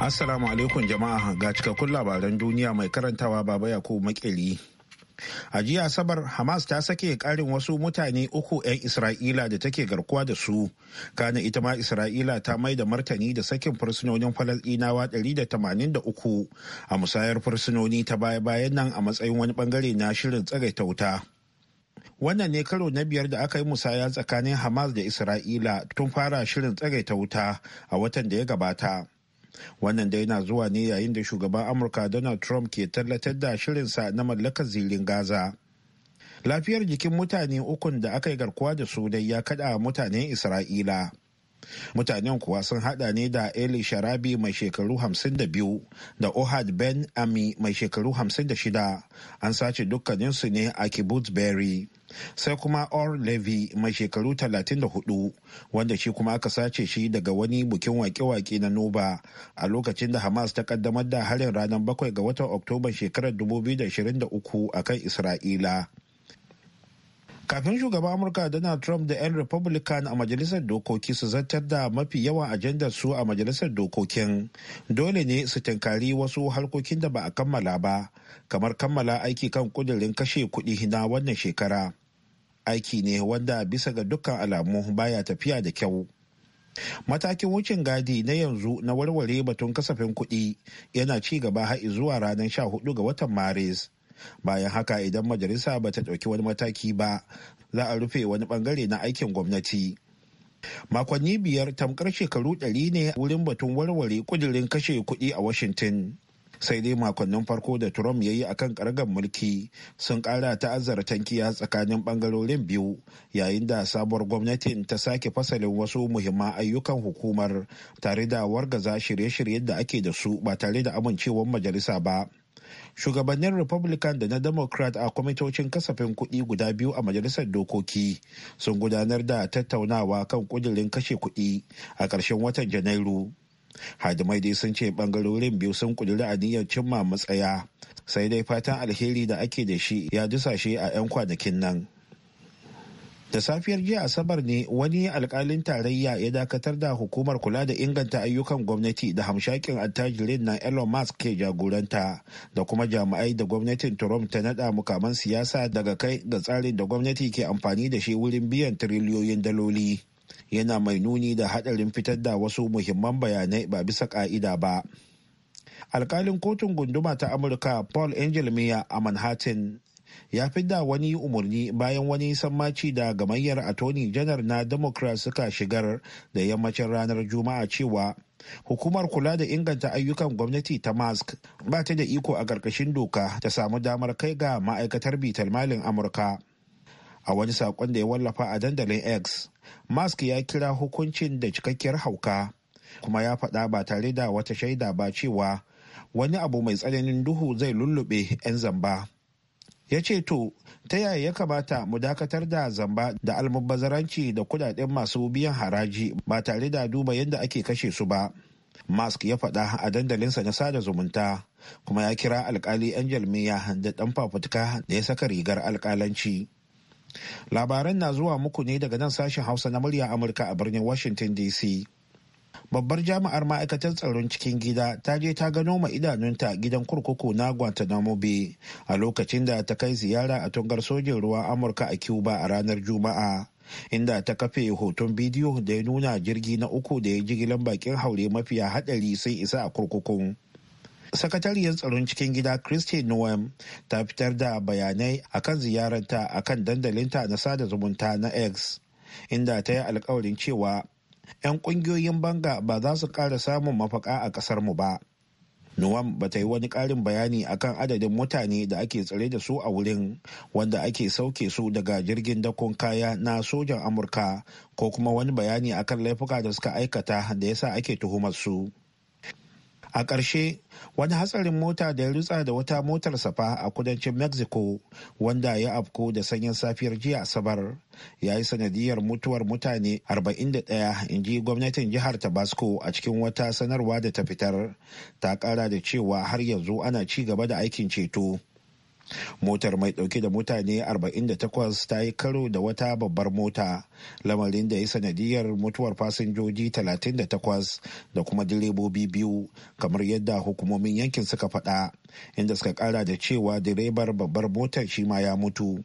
Assalamu alaikum jama'a ga cikakkun labaran duniya mai karantawa baba Yakubu makeli. A jiya Asabar Hamas ta sake karin wasu mutane uku 'yan Isra'ila da take garkuwa da su. Kana ita ma Isra'ila ta mai da martani da sakin fursunonin Falasɗinawa 183 a musayar fursunoni ta baya-bayan nan a matsayin wani bangare na shirin tsagaita wuta. Wannan ne karo na biyar da aka yi musaya tsakanin Hamas da Isra'ila tun fara shirin tsagaita wuta a watan da ya gabata. wannan dai na zuwa ne yayin da shugaban amurka donald trump ke tallatar da shirinsa na mallakar zirin gaza lafiyar jikin mutane ukun da aka yi garkuwa da su dai ya kada mutanen isra'ila mutanen kuwa sun hada ne da eli sharabi mai shekaru 52 da ohad ben ami mai shekaru 56 an sace dukkaninsu ne a kibbutz berry sai kuma or levy mai shekaru 34 wanda shi kuma aka sace shi daga wani bukin wake-wake na noba a lokacin da hamas ta kaddamar da harin ranar 7 ga watan oktoban shekarar 2023 a kan isra'ila kafin shugaban amurka donald trump da 'yan republican a majalisar dokoki su zartar da mafi yawan ajandar su a majalisar dokokin dole ne su tinkari wasu harkokin da ba a kammala ba kamar kammala aiki kan kudirin kashe kudi na wannan shekara aiki ne wanda bisa ga dukkan alamu baya tafiya da kyau matakin wucin gadi na yanzu na warware batun kasafin kuɗi yana ci gaba har zuwa ranar sha 14 ga watan maris bayan haka idan majalisa ba ta ɗauki wani mataki ba za a rufe wani ɓangare na aikin gwamnati makonni biyar tamkar shekaru ɗari ne wurin batun warware kudirin kashe kuɗi a washington sai dai makonnin farko da trump ya yi a kan karagar mulki sun kara ta'azzara tankiya tsakanin bangarorin biyu yayin da sabuwar gwamnatin ta sake fasalin wasu muhimman ayyukan hukumar tare da wargaza shirye-shiryen da ake da su ba tare da amincewar majalisa ba shugabannin republican da na democrat a kwamitocin kasafin kuɗi guda biyu a majalisar dokoki sun gudanar da tattaunawa kan kudirin kashe kuɗi a ƙarshen watan janairu hadimai dai sun ce bangarorin biyu sun kuduri niyyar cimma matsaya sai dai fatan alheri da ake da shi ya dusashe a 'yan kwanakin nan da safiyar jiya asabar ne wani alkalin tarayya ya dakatar da hukumar kula da inganta ayyukan gwamnati da hamshakin attajirin na elon musk ke jagoranta da kuma jami'ai da gwamnatin trump ta nada mukaman siyasa daga kai ga tsarin da gwamnati ke amfani da shi wurin biyan tiriliyoyin daloli yana mai nuni da hadarin fitar da wasu muhimman bayanai ba bisa ka'ida ba alkalin kotun gunduma ta amurka paul angel miya a manhattan ya fi da wani umarni bayan wani sammaci da gamayyar a tony janar na democrat suka shigar da yammacin ranar juma'a cewa hukumar kula da inganta ayyukan gwamnati ta mask ba ta da iko a ƙarƙashin doka ta samu damar kai ga ma'aikatar bitalmalin amurka a wani saƙon da ya wallafa a dandalin x musk ya kira hukuncin da cikakkiyar hauka kuma ya faɗa ba tare da wata shaida ba cewa wani abu mai tsananin duhu zai lullube 'yan zamba ya ce to ta yaya ya kamata mu dakatar da zamba da almubazzaranci da kudaden masu biyan haraji ba tare da duba yadda ake kashe su ba mask ya faɗa a dandalinsa na sada zumunta kuma ya kira alkali yan jalmiya da ɗan fafutuka da ya saka rigar alkalanci. Labaran na zuwa muku ne daga nan sashen Hausa na murya Amurka a birnin Washington DC. Babbar jami'ar ma'aikatar tsaron cikin gida ta je ta gano ma idanunta gidan kurkuku na Guantanamo Bay a lokacin da ta kai ziyara a tungar sojin ruwa Amurka a Cuba a ranar Juma'a. Inda ta kafe hoton bidiyo da ya nuna jirgi na uku da ya jigilan bakin haure mafiya hadari sai isa a kurkukun. sakatariyar tsaron cikin gida christy noem ta fitar da bayanai akan ziyararta akan dandalinta na sada zumunta na x inda ta yi alkawarin cewa 'yan kungiyoyin banga ba za su kara samun mafaka a ƙasar mu ba noem ba ta yi wani ƙarin bayani akan adadin mutane da ake tsare da su a wurin wanda ake sauke su daga jirgin dakon kaya na sojan Amurka ko kuma wani bayani akan laifuka da suka aikata da yasa ake tuhumar su. a ƙarshe wani hatsarin mota da ya rutsa da wata motar safa a kudancin mexico wanda ya afko da sanyin safiyar jiya asabar ya yi sanadiyar mutuwar mutane 41 inji gwamnatin jihar tabasco a cikin wata sanarwa da ta fitar ta kara da cewa har yanzu ana ci gaba da aikin ceto motar mai dauke da mutane 48 ta yi karo da wata babbar mota lamarin da ya sanadiyar mutuwar fasinjoji 38 da kuma direbobi biyu kamar yadda hukumomin yankin suka fada inda suka kara da cewa direbar babbar motar shi ma ya mutu.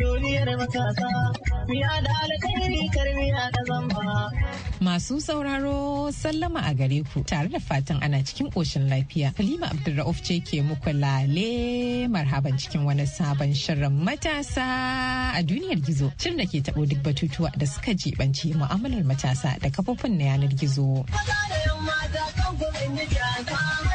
duniyar matasa, da alkhairi da zamba. Masu sauraro sallama a gare ku tare da fatan ana cikin ƙoshin lafiya. Halima Abdulra'uf ce ke muku lale marhaban cikin wani sabon shirin matasa a duniyar gizo. Shirin da ke taɓo duk batutuwa da suka jibanci mu'amalar matasa da kafofin na yanar gizo. mata da yamma da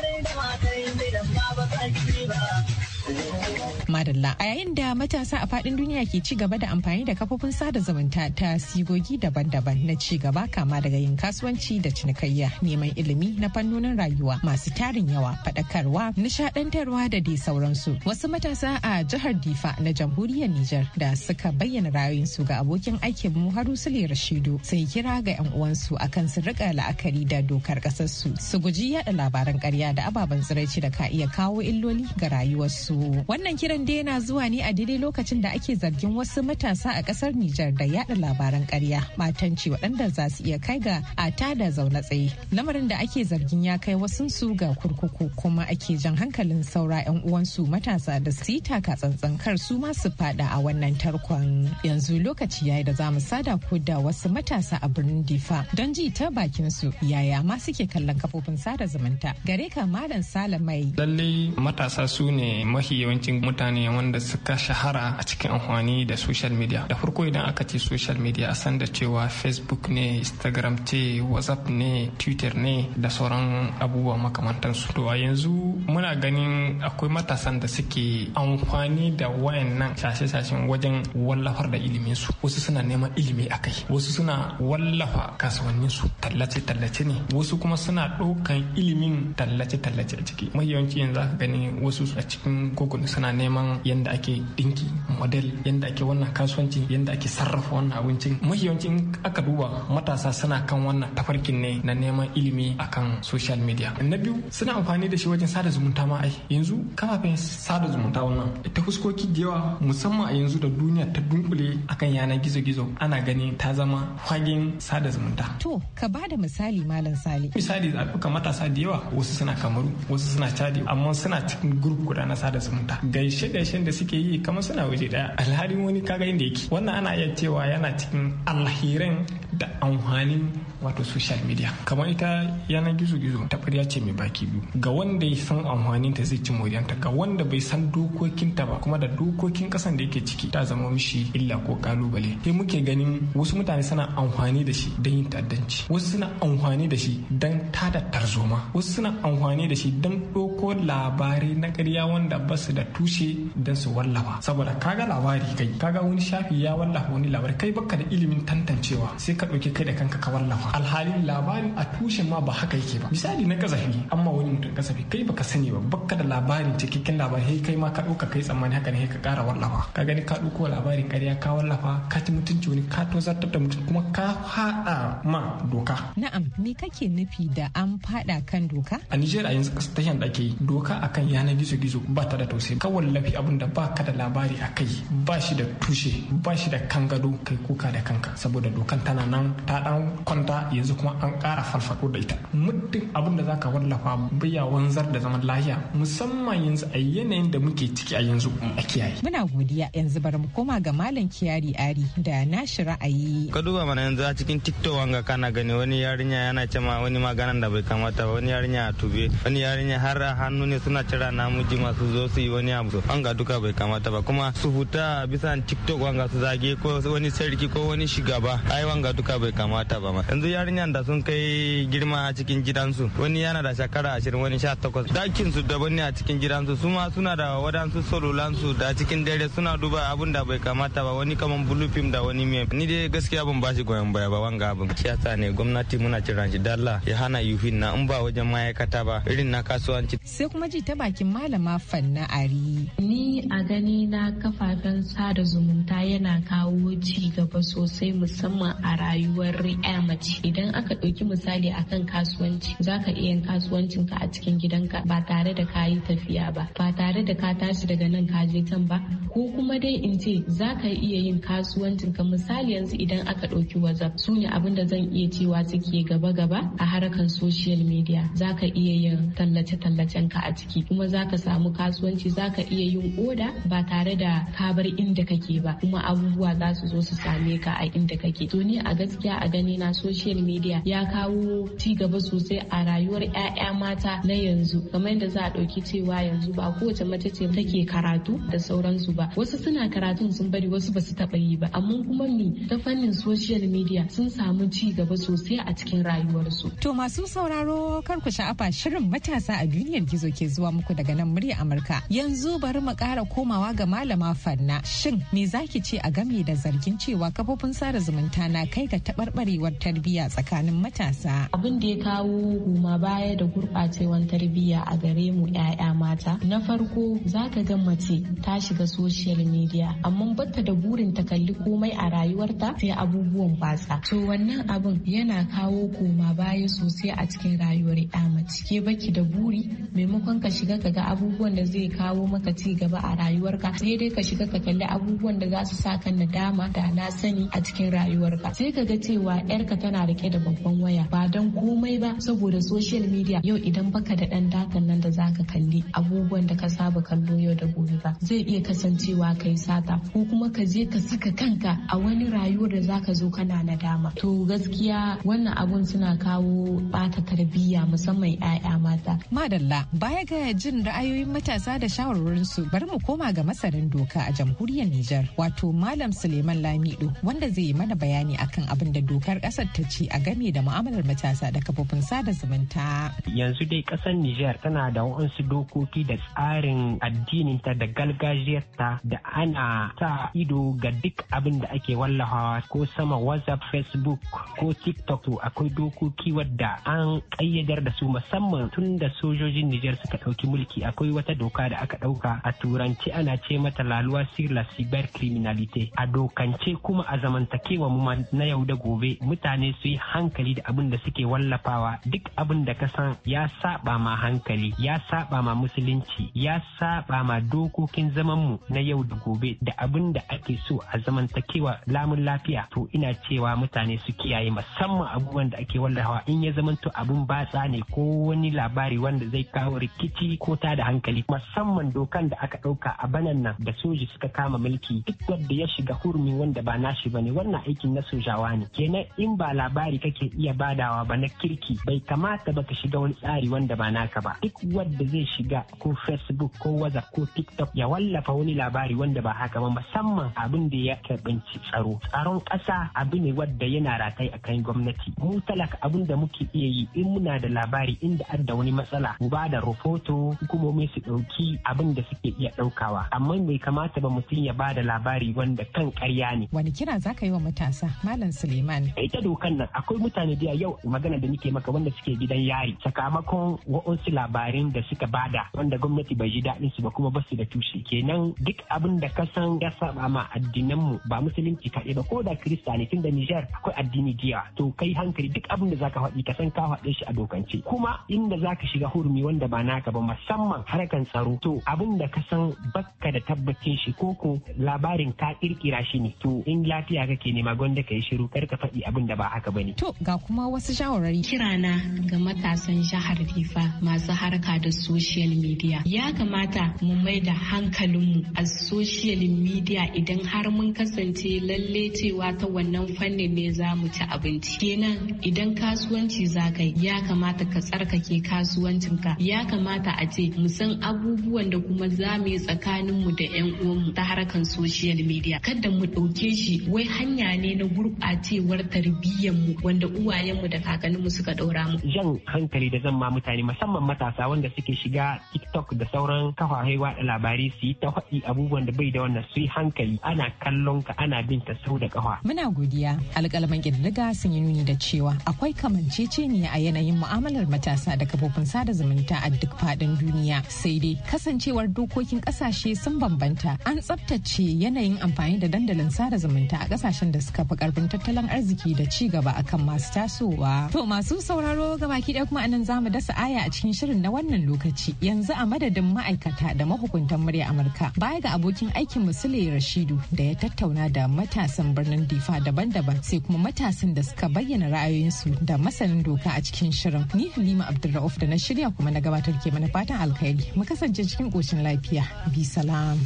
madalla a yayin da matasa a faɗin duniya ke ci gaba da amfani da kafofin sada zumunta ta sigogi daban-daban na ci gaba kama daga yin kasuwanci da cinikayya neman ilimi na fannonin rayuwa masu tarin yawa faɗakarwa nishadantarwa da dai sauransu wasu matasa a jihar difa na jamhuriyar niger da suka bayyana su ga abokin aikin mu sule rashidu sai kira ga yan uwansu akan su rika la'akari da dokar ƙasarsu su guji yada labaran karya da ababen tsiraici da ka iya kawo illoli ga rayuwarsu wannan kiran dai yana zuwa ne a daidai lokacin da ake zargin wasu matasa a kasar Nijar da yada labaran ƙarya matanci waɗanda za su iya kai ga a tada zaune tsaye. Lamarin da ake zargin ya kai wasu su ga kurkuku kuma ake jan hankalin saura 'yan uwansu matasa da su yi taka tsantsan kar su masu su fada a wannan tarkon. Yanzu lokaci yayi da za mu sada ko da wasu matasa a birnin Difa don ji ta bakin su yaya ma suke kallon kafofin sada zumunta. Gare ka Malam Salamai. Lallai matasa su ne mafi yawancin mutane ne wanda suka shahara a cikin amfani da social media da farko idan aka ce social media a san da cewa facebook ne instagram ce whatsapp ne twitter ne da sauran abubuwa makamantansu to a yanzu muna ganin akwai matasan da suke amfani da wayannan shashe-shashen wajen wallafar da iliminsu wasu suna neman ilimi a kai wasu suna wallafa kasuwanninsu tallace-tallace ne wasu kuma suna ɗaukan ilimin tallace-tallace a ciki mafi yawanci yanzu aka gani wasu a cikin google suna neman yadda ake dinki model yadda ake wannan kasuwanci yadda ake sarrafa wannan abincin mahiyancin aka duba matasa suna kan wannan tafarkin ne na neman ilimi akan social media na biyu suna amfani da shi wajen sada zumunta ma ai yanzu kafafen sada zumunta wannan ta fuskoki da yawa musamman a yanzu da duniya ta dunkule akan yanar gizo-gizo ana gani ta zama fagen sada zumunta to ka ba da misali malam sali misali zaɓuka matasa da yawa wasu suna kamaru wasu suna chadi amma suna cikin gurup guda na sada zumunta gaishe da kashe da suke yi kamar suna waje daya alhalin wani kaga inda yake wannan ana iya cewa yana cikin alhirin da amfanin wato social media kamar ita yanar gizo-gizo ta ya ce mai baki biyu ga wanda ya san amfanin ta zai ci moriyanta ga wanda bai san dokokin ta ba kuma da dokokin kasan da yake ciki ta zama mishi illa ko kalubale sai muke ganin wasu mutane suna amfani da shi don yin ta'addanci wasu suna amfani da shi don tada tarzoma wasu suna amfani da shi don ɗauko labarai na ƙarya wanda ba su da tushe don su wallafa saboda kaga labari kai kaga wani shafi ya wallafa wani labari kai baka da ilimin tantancewa sai ka ɗauki kai da kanka ka wallafa Alhali labarin a tushen ma ba haka yake ba misali na kasafi amma wani mutum kasafi kai baka sani ba baka da labarin cikakken labarin kai ma ka ɗauka kai tsammani haka ne ka ƙara wallafa ka gani ka ɗauko labarin ƙarya ka wallafa ka ci mutunci wani ka tozartar da mutum kuma ka haɗa ma doka. Na'am me kake nufi da an faɗa kan doka? A Nijar a yanzu tashin da ake doka akan yanar gizo-gizo ba ta da tausayi ka wallafi abin da ba ka da labari a kai ba shi da tushe ba shi da kangado kai kuka da kanka saboda dokan tana nan ta ɗan kwanta yanzu kuma an ƙara farfado da ita muddin abin da zaka wallafa biya wanzar da zaman lafiya musamman yanzu a yanayin da muke ciki a yanzu a kiyaye muna godiya yanzu bari mu koma ga malam kiyari ari da nashi ra'ayi ka duba mana yanzu a cikin tiktok wanga kana gani wani yarinya yana cema wani maganan da bai kamata ba wani yarinya a tube wani yarinya har hannu ne suna cira namiji masu zo su yi wani abu ga duka bai kamata ba kuma su huta bisa tiktok wanga su zage ko wani sarki ko wani shugaba ai wanga duka bai kamata ba yanzu duk yarinyan da sun kai girma a cikin gidansu wani yana da shekara ashirin wani sha takwas dakin su daban ne a cikin gidansu su ma suna da wadansu solulansu da cikin dare suna duba abun da bai kamata ba wani kaman bulufin da wani mai ni dai gaskiya ban bashi goyon baya ba wanga abin siyasa ne gwamnati muna kiran shi dalla ya hana yufin na in ba wajen ma'aikata ba irin na kasuwanci sai kuma ji ta bakin malama fanna ari ni a gani na kafafen sada zumunta yana kawo ci gaba sosai musamman a rayuwar 'ya mace idan aka ɗauki misali akan kasuwanci za ka iya yin kasuwancinka a cikin gidanka ba tare da ka yi tafiya ba ba tare da ka tashi daga nan ka je can ba ko kuma dai in ce za ka iya yin kasuwancinka misali yanzu idan aka ɗauki whatsapp su ne abin da zan iya cewa suke gaba-gaba a harkar social media za ka iya yin tallace-tallacen ka a ciki kuma za ka samu kasuwanci za ka iya yin oda ba tare da ka bar inda kake ba kuma abubuwa za su zo su same ka a inda kake to ni a gaskiya a gani na social social media ya kawo ci gaba sosai a rayuwar 'ya'ya mata na yanzu kamar yadda za a ɗauki cewa yanzu ba kowace mace ce take karatu da sauransu ba wasu suna karatun sun bari wasu ba su taɓa yi ba amma kuma me ta fannin social media sun samu ci gaba sosai a cikin rayuwarsu. To masu sauraro kar ku sha'afa shirin matasa a duniyar gizo ke zuwa muku daga nan murya Amurka. Yanzu bari mu ƙara komawa ga malama Fanna. Shin me zaki ce a game da zargin cewa kafofin sada zumunta na kai ga taɓarɓarewar tarbiyya tarbiyya tsakanin matasa. Abin da ya kawo goma baya da gurɓacewan tarbiyya a gare mu 'ya'ya mata. Na farko za ka ga mace ta shiga social media amma bata da burin ta kalli komai a rayuwarta sai abubuwan batsa. To wannan abin yana kawo koma baya sosai a cikin rayuwar 'ya mace. Ke baki da buri maimakon ka shiga ka ga abubuwan da zai kawo maka ci gaba a rayuwarka sai dai ka shiga ka kalli abubuwan da za su sa ka nadama da na sani a cikin rayuwarka. Sai ka ga cewa 'yarka tana kana rike da babban waya ba don komai ba saboda social media yau idan baka da dan dakan nan da zaka kalli abubuwan da ka saba kallo yau da gobe ba zai iya kasancewa kai sata ko kuma ka je ka saka kanka a wani rayuwar da zaka zo kana nadama to gaskiya wannan abun suna kawo bata tarbiyya musamman 'ya'ya mata madalla baya ga jin ra'ayoyin matasa da su bari mu koma ga masarin doka a jamhuriyar Nijar wato Malam Suleiman Lamido wanda zai yi mana bayani akan abin da dokar kasar ta a game da mu'amalar matasa da kafofin sada zumunta. Yanzu dai ƙasar Nijar tana da wa'ansu dokoki da tsarin addininta da gargajiyarta da ana ta ido ga duk abin da ake wallafawa ko sama WhatsApp, Facebook ko TikTok to akwai dokoki wadda an ƙayyadar da su musamman tun da sojojin Nijar suka ɗauki mulki akwai wata doka da aka ɗauka a turanci ana ce mata laluwa sur la cyber criminalité a dokance kuma a zamantakewa mu na yau da gobe mutane su yi hankali da abin da suke wallafawa duk abin da ka san ya saba ma hankali ya saba ma musulunci ya saba ma dokokin mu na yau da gobe da abin da ake so a zamantakewa lamun lafiya to ina cewa mutane su kiyaye musamman abubuwan da ake wallafawa in ya zamanto abin batsa ne ko wani labari wanda zai kawo rikici ko ta da hankali musamman dokan da aka ɗauka a banan nan da soji suka kama mulki duk wanda ya shiga hurumi wanda ba nashi bane wannan aikin na sojawa ne kenan in ba labari kake iya badawa ba na kirki bai kamata ba ka shiga wani tsari wanda ba naka ba duk wanda zai shiga ko facebook ko whatsapp ko tiktok ya wallafa wani labari wanda ba haka ba musamman abin da ya karbanci tsaro tsaron kasa abu ne wadda yana ratai akan gwamnati mu talaka abin da muke iya yi in muna da labari inda an da wani matsala mu ba da rahoto hukumomi su ɗauki abin da suke iya ɗaukawa amma bai kamata ba mutum ya ba da labari wanda kan ƙarya ne wani kira zaka yi wa matasa malam suleiman ita dokan nan akwai mutane da yau magana da nake maka wanda suke gidan yari sakamakon wa'ansu labarin da suka bada wanda gwamnati bai ji daɗin su ba kuma basu da tushe kenan duk abin da ka san ya saba ma addinan mu ba musulunci kaɗai ba ko da kirista ne tun da Nijar akwai addini diya to kai hankali duk abin da ka faɗi ka san ka faɗe shi a dokance kuma inda za ka shiga hurumi wanda ba naka ba musamman harkan tsaro to abin da ka san bakka da tabbacin shi koko labarin ka kirkira shi ne to in lafiya kake nema gwanda ka yi shiru kar ka faɗi abin da ba haka haka bane to ga kuma wasu shawarwari kirana ga matasan jihar Difa masu harka da social media ya kamata mu mai da hankalinmu a social media idan har mun kasance lalle cewa ta wannan fannin ne za mu ci abinci kenan idan kasuwanci za ka yi ya kamata ka tsarkake kasuwancinka ya kamata a ce mu san abubuwan da kuma za mu yi tsakaninmu da 'yan uwanmu ta harkan social media kada mu ɗauke shi wai hanya ne na gurɓacewar tarbiyyar mu wanda uwayenmu da kakanninmu suka ɗora mu. Jan hankali da zan ma mutane musamman matasa wanda suke shiga TikTok da sauran kafafen watsa labari su yi ta faɗi abubuwan da bai da wannan su yi hankali ana kallon ka ana bin ta sau da kafa. Muna godiya alƙalaman ƙididdiga sun yi nuni da cewa akwai kamanceceniya a yanayin mu'amalar matasa da kafofin sada zumunta a duk faɗin duniya sai dai kasancewar dokokin ƙasashe sun bambanta an tsabtace yanayin amfani da dandalin sada zumunta a ƙasashen da suka fi ƙarfin tattalin arziki da ci gaba ba kan masu tasowa. To masu sauraro gabaki ɗaya kuma anan zamu dasa aya a cikin shirin na wannan lokaci yanzu a madadin ma'aikata da mahukuntan murya Amurka baya ga abokin aikin Musule Rashidu da ya tattauna da matasan birnin Difa daban-daban sai kuma matasan da suka bayyana ra'ayoyinsu da masanin doka a cikin shirin. Ni Halima Abdulrauf da na shirya kuma na gabatar ke mana fatan alkhairi mu kasance cikin ƙoshin lafiya. Bi salam.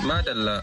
Madalla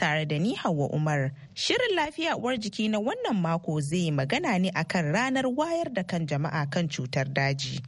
tare da ni Hauwa Umar. Shirin lafiya uwar jiki na wannan mako zai yi magana ne akan ranar wayar da kan jama'a kan cutar daji.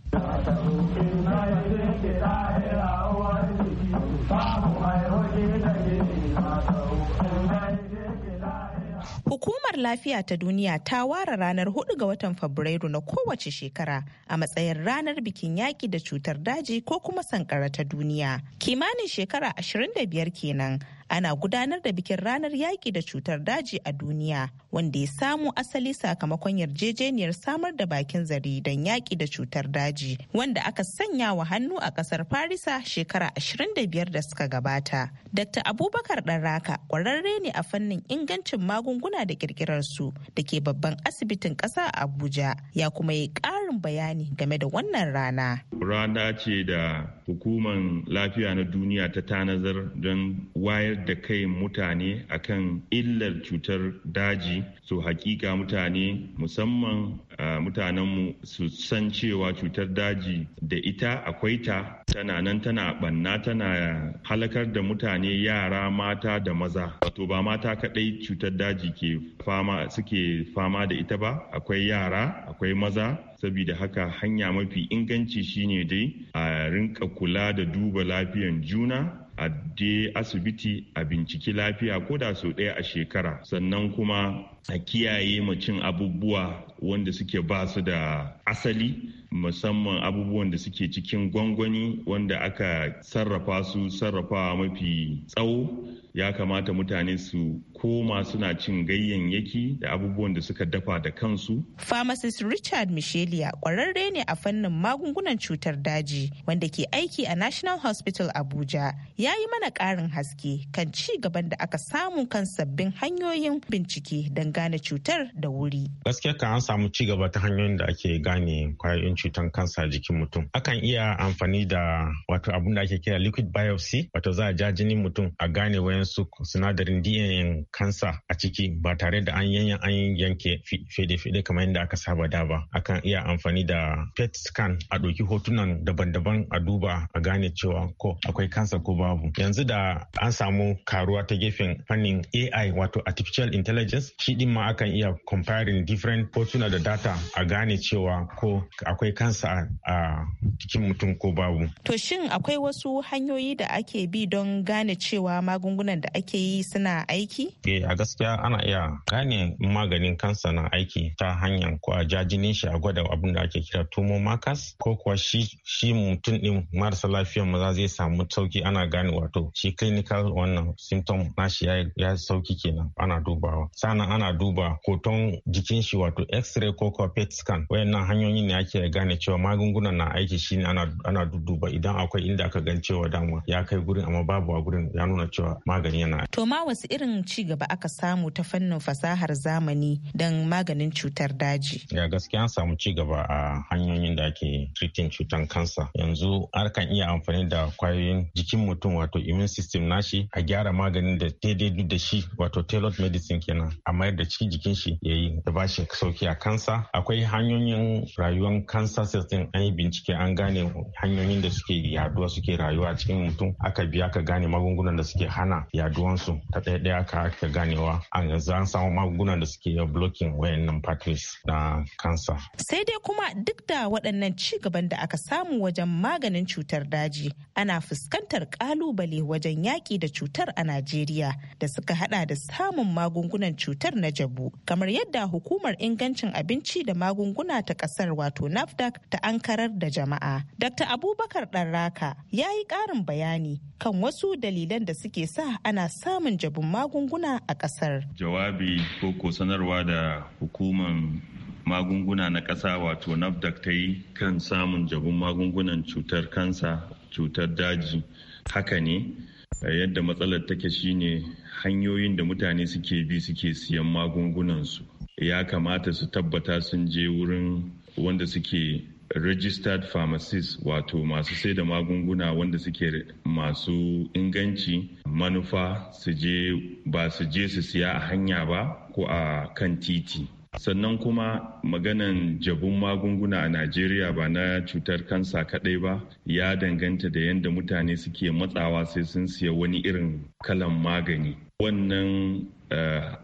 Hukumar Lafiya ta Duniya ta ware ranar 4 ga watan Fabrairu na kowace shekara a matsayin ranar bikin yaƙi da cutar daji ko kuma sankara ta duniya. Kimanin shekara 25 kenan ana gudanar da bikin ranar yaƙi da cutar daji a duniya wanda ya samu asali sakamakon yarjejeniyar samar da bakin zari don yaƙi da cutar daji wanda aka sanya wa hannu a ƙasar Farisa shekara 25 da suka gabata. Dr. Abubakar Ɗanraka ƙwararre ne a fannin ingancin magunguna da ƙirƙirarsu da ke babban asibitin ƙasa a Abuja ya kuma yi ƙarin bayani game da wannan rana. Rana ce da hukuman lafiya na duniya ta tanazar don wayar da kai mutane akan illar cutar daji su hakika mutane musamman ah, mutanenmu su san cewa cutar daji da ita akwai ta tana nan tana banna tana halakar da mutane yara mata da maza wato ba mata kadai cutar daji ke fama suke fama da ita ba akwai yara akwai maza saboda haka hanya mafi inganci shine dai a rinka kula da duba lafiyan juna a je asibiti a binciki lafiya ko da sau ɗaya a shekara sannan kuma a kiyaye macin abubuwa wanda suke ba su da asali musamman abubuwan da suke cikin gwangwani wanda aka sarrafa su sarrafawa mafi tsawo ya kamata mutane su koma suna cin ganyayyaki da abubuwan da suka dafa da kansu. Pharmacist Richard Michelia kwararre ne a fannin magungunan cutar daji wanda ke aiki a National Hospital Abuja ya yi mana ƙarin haske kan ci gaban da aka samu kan sabbin hanyoyin bincike don gane cutar da wuri. Gaskiya kan an samu ci gaba ta hanyoyin da ake gane kwayoyin cutar kansa jikin mutum. Akan iya amfani da wato abin da ake kira liquid biopsy wato za a ja jinin mutum a gane wayansu sinadarin DNA kansa a ciki ba tare da an yanyan an yanke fede-fede kamar yadda aka saba da ba akan iya amfani da pet scan a ɗauki hotunan daban-daban a duba a gane cewa ko akwai kansa ko babu yanzu da an samu karuwa ta gefen fannin ai wato artificial intelligence shi din ma akan iya comparing different hotuna da data a gane cewa ko akwai kansa a cikin mutum ko babu to shin akwai wasu hanyoyi da ake bi don gane cewa magungunan da ake yi suna aiki eh a gaskiya ana iya gane maganin kansa na aiki ta hanyar kwa jajinin shi a gwada abin da ake kira tumo makas ko kuwa shi mutum din marasa lafiyar maza zai samu sauki ana gane wato shi clinical wannan symptom nashi ya, ya sauki kenan ana dubawa sannan ana duba hoton jikin shi wato x-ray ko kuwa pet scan wayannan hanyoyin ne ake gane cewa magungunan na aiki shine ana ana duduba idan akwai inda aka gan cewa dama ya kai gurin amma babu a gurin ya nuna cewa magani yana to ma wasu irin ci gaba aka samu ta fannin fasahar zamani don maganin cutar daji. Ya gaskiya an samu ci gaba a hanyoyin da ake treating cutar kansa. Yanzu harkan iya amfani da kwayoyin jikin mutum wato immune system nashi a gyara maganin da daidai da shi wato tailored medicine kenan a mayar da cikin jikin shi ya yi da ba shi sauki a kansa. Akwai hanyoyin rayuwar kansa cells din an yi bincike an gane hanyoyin da suke yaduwa suke rayuwa a cikin mutum aka biya ka gane magungunan da suke hana yaduwansu ta ɗaya ɗaya ka iya ganewa a yanzu an samu magungunan da suke iya blocking wayannan pathways na cancer. Sai dai kuma duk da waɗannan ci gaban da aka samu wajen maganin cutar daji ana fuskantar ƙalubale wajen yaƙi da cutar a Najeriya da suka hada da samun magungunan cutar na jabu kamar yadda hukumar ingancin abinci da magunguna ta ƙasar wato NAFDAC ta ankarar da jama'a. Dr. Abubakar Ɗanraka ya yi ƙarin bayani kan wasu dalilan da suke sa ana samun jabun magunguna a kasar. Jawabi ko ko sanarwa da hukuman magunguna na ƙasa wato NAFDAC ta yi kan samun jabun magungunan cutar kansa cutar daji haka ne yadda matsalar take shine hanyoyin da mutane suke bi suke siyan magungunansu ya kamata su tabbata sun je wurin wanda suke registered pharmacists wato masu sai da magunguna wanda suke masu inganci manufa su je ba su je su siya a hanya ba ko a kan titi sannan kuma maganan jabun magunguna a najeriya ba na cutar kansa kadai ba ya danganta da yadda mutane suke matsawa sai sun siya wani irin kalan magani wannan eh,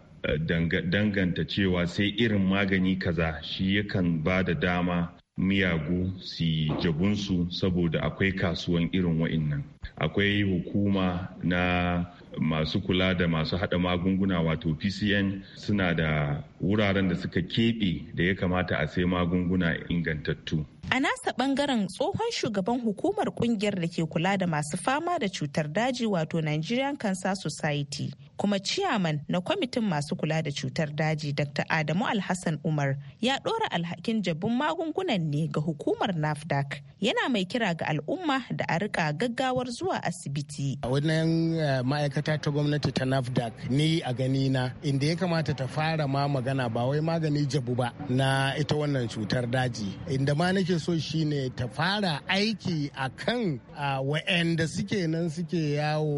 danganta cewa sai irin magani kaza shi yakan ba da dama miyagu su jabunsu saboda akwai kasuwan irin nan akwai hukuma na masu kula da masu hada magunguna wato pcn suna da wuraren da suka keɓe da ya kamata a sai magunguna ingantattu a nasa bangaren tsohon shugaban hukumar kungiyar da ke kula da masu fama da cutar daji wato nigerian cancer society kuma ciyaman na kwamitin masu kula da cutar daji dr adamu alhassan umar ya ɗora alhakin jabin magungunan ne ga hukumar nafdac yana mai kira ga al'umma da a riƙa gaggawar zuwa asibiti. A wannan eh, ma'aikata ta gwamnati ta NAFDAC ni a gani na inda ya kamata ta fara ma magana ba wai magani jabu ba na ita wannan cutar daji. Inda ma nake so shine ta fara aiki a kan wa'anda suke nan suke yawo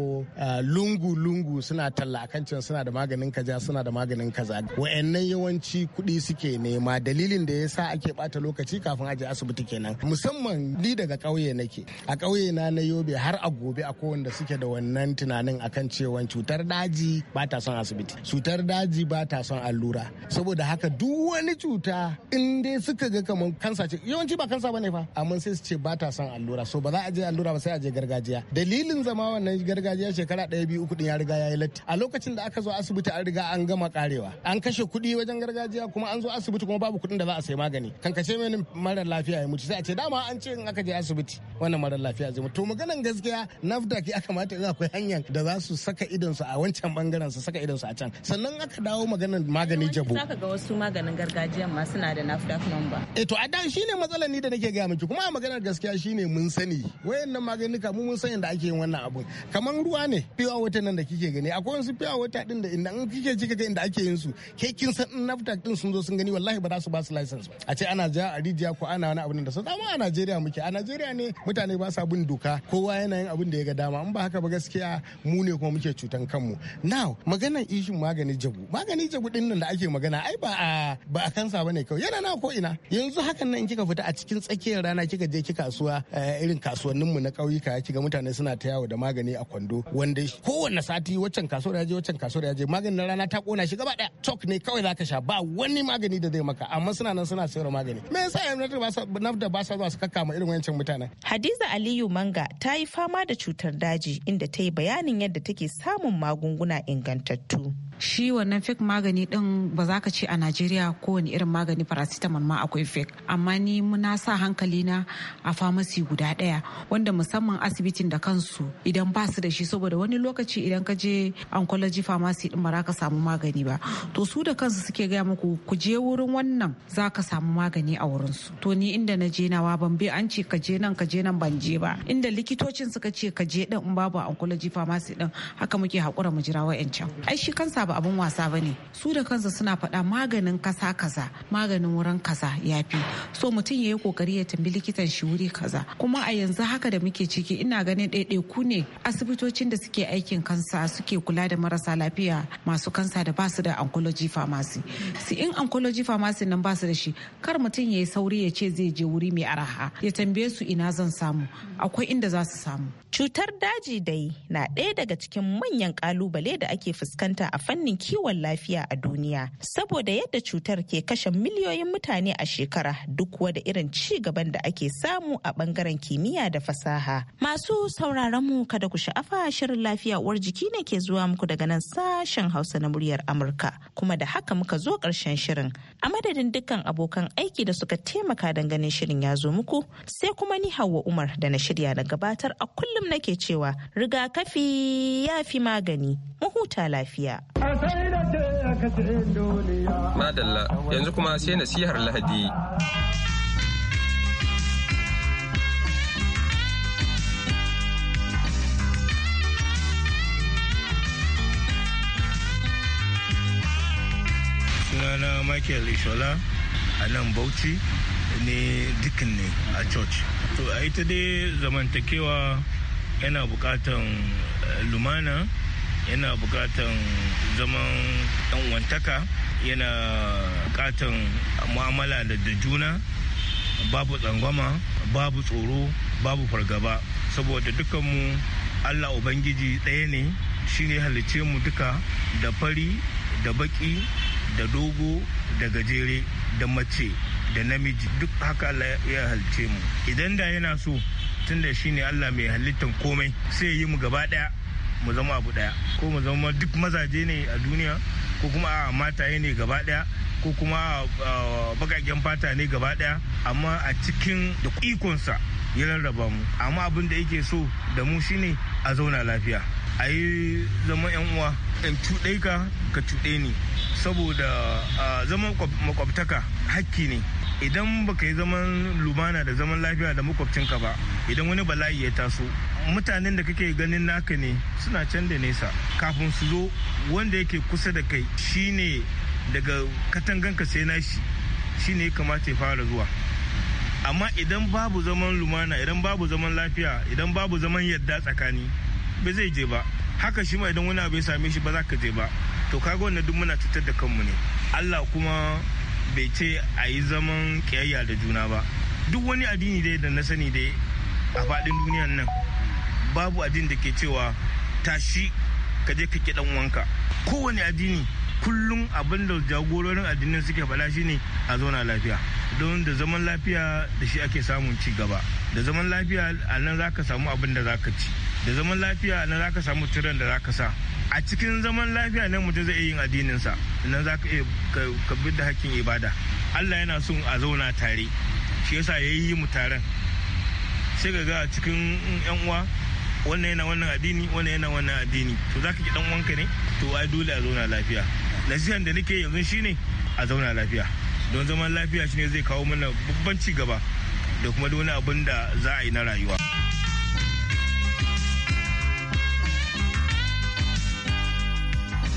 lungu-lungu suna talla kan can suna da maganin kaza suna da maganin kaza. Wa'annan yawanci kuɗi suke nema dalilin da ya sa ake ɓata lokaci kafin aje asibiti kenan. Musamman ni daga ƙauye nake. A ƙauye na na yobe har a gobe a wanda suke da wannan tunanin akan cewa cutar daji ba ta son asibiti cutar daji ba ta son allura saboda haka duk wani cuta in dai suka ga kamar kansa ce yawanci ba kansa bane fa amma sai su ce ba ta son allura so ba za a je allura ba sai a je gargajiya dalilin zama wannan gargajiya shekara ɗaya biyu uku din ya riga ya yi latti a lokacin da aka zo asibiti an riga an gama karewa an kashe kuɗi wajen gargajiya kuma an zo asibiti kuma babu kuɗin da za a sai magani kankace mini marar lafiya ya mutu sai a ce dama an ce in aka je asibiti wannan marar lafiya zai mutu to maganan gaskiya gaskiya nafdac ya kamata in akwai hanyar da za su saka su a wancan bangaren su saka su a can sannan aka dawo maganar magani jabo zaka ga wasu maganin gargajiya ma suna da nafdac number eh to a dan shine matsalar ni da nake ga miki kuma maganar gaskiya shine mun sani wayannan maganika mu mun san da ake yin wannan abun kamar ruwa ne fiwa wata nan da kike gani akwai wasu fiwa wata din da inda in kike kika ga inda ake yin su ke kin san in din sun zo sun gani wallahi ba za su ba su license ba a ce ana ja a rijiya ko ana wani abu da su zama a Najeriya muke a Najeriya ne mutane ba sa bin doka kowa yana yanayin abin da ya ga dama in ba haka ba gaskiya mu ne kuma muke cutan kanmu now maganar ishin magani jabu magani jabu din nan da ake magana ai ba a ba a kansa bane kawai yana na ko ina yanzu hakan nan kika fita a cikin tsakiyar rana kika je ki kasuwa eh, irin kasuwannin mu na ƙauyuka kiga mutane suna ta yawo da magani a kwando wanda kowanne sati waccan kasuwar ya je waccan kasuwar ya je maganin rana ta kona shi gaba daya chalk ne kawai zaka sha ba wani magani da zai maka amma suna nan suna sayar magani me yasa yanzu ba sa ba sa zuwa su kakkama irin wancan mutanen Hadiza Aliyu Manga ta yi fama fama da cutar daji inda ta yi bayanin yadda take samun magunguna ingantattu. shi wannan fake magani din ba za ka ce a najeriya kowane irin magani paracetamol ma akwai fake amma ni muna sa hankali na a famasi guda daya wanda musamman asibitin da kansu idan ba su da shi saboda wani lokaci idan ka je oncology pharmacy din ba za ka samu magani ba to su da kansu suke gaya muku ku je wurin wannan za ka samu magani a wurin su to ni inda na je nawa ban bi an ce ka je nan ka je nan ban je ba inda likitocin suka ce ka je din in babu oncology pharmacy din haka muke hakura mu jira wa'ancan ai shi kansa ba abin wasa ba ne su da kansu suna faɗa maganin kasa kaza maganin wurin kaza ya fi so mutum ya yi kokari ya tambi likitan shi wuri kaza kuma a yanzu haka da muke ciki ina ganin ɗaiɗaiku ne asibitocin da suke aikin kansa suke kula da marasa lafiya masu kansa da ba su da oncology pharmacy su in oncology pharmacy nan ba su da shi kar mutum ya yi sauri ya ce zai je wuri mai araha ya tambaye su ina zan samu akwai inda za su samu cutar daji dai na ɗaya daga cikin manyan kalubale da ake fuskanta a fannin fannin kiwon lafiya a duniya saboda yadda cutar ke kashe miliyoyin mutane a shekara duk wada irin ci gaban da ake samu a bangaren kimiyya da fasaha. Masu sauraron mu kada ku sha'afa shirin lafiya uwar jiki ne ke zuwa muku daga nan sashen Hausa na muryar Amurka kuma da haka muka zo karshen shirin. A madadin dukkan abokan aiki da suka taimaka don ganin shirin ya zo muku sai kuma ni Hauwa Umar da na shirya na gabatar a kullum nake cewa rigakafi ya fi magani mu huta lafiya. Madalla yanzu kuma sai nasihar Lahadi. Sunana Michael Ishola a nan Bauchi ne dukkan ne a church. To a ita dai zamantakewa yana bukatan eh, lumana. yana bukatan zaman ɗan wantaka yana bukatan mu'amala da juna babu tsangwama babu tsoro babu fargaba saboda dukanmu allah ubangiji ɗaya ne shi ne halice mu duka da fari da baki da dogo da gajere da mace da namiji duk haka allah ya halice mu idan da yana so tunda shi ne allah mai halittan komai sai ya yi mu gaba daya. mu zama abu daya ko mu zama duk mazaje ne a duniya ko kuma a mataye ne gaba daya ko kuma bakaken fata ne gaba daya amma a cikin da ikonsa ya rarraba mu amma abin da yake so da mu shine a zauna lafiya a yi zama yan uwa in cuɗe ka ka cuɗe ni saboda zama makwabtaka hakki ne idan baka yi zaman lumana da zaman lafiya da makwabcinka ba idan wani bala'i ya taso mutanen da kake ganin naka ne suna can da nesa kafin su zo wanda yake kusa da kai shine daga katanganka sai nashi shine ya kamata ya fara zuwa amma idan babu zaman lumana idan babu zaman lafiya idan babu zaman yadda tsakani ba zai je ba haka shi ma idan wani abu ya same shi ba za ka je ba to kaga wannan duk muna cutar da kanmu ne Allah kuma bai ce a yi zaman kiyayya da juna ba duk wani addini dai da na sani dai a faɗin duniyan nan babu addini da ke cewa tashi ka je ka dan wanka kowane addini kullum abin da jagororin addinin suke faɗa shine a zauna lafiya don da zaman lafiya da shi ake samun ci gaba da zaman lafiya a nan za ka samu abin da za ka ci da zaman lafiya a nan za ka samu tiran da za ka sa a cikin zaman lafiya ne mutum zai yin addininsa nan za ka bi da hakkin ibada allah yana son a zauna tare shi yasa ya yi mu taron sai ga a cikin yan uwa wannan yana wannan addini wannan yana wannan addini to za ka ki dan wanka ne to ai dole a zauna lafiya nasihan da nake yanzu shine a zauna lafiya don zaman lafiya shine zai kawo mana babban ci gaba da kuma wani abin da za a yi na rayuwa.